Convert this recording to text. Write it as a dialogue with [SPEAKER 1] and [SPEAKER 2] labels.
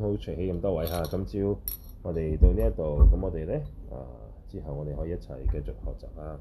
[SPEAKER 1] 好，除起咁多位吓。今朝我哋到呢一度，咁我哋咧，啊，之後我哋可以一齊繼續學習啊。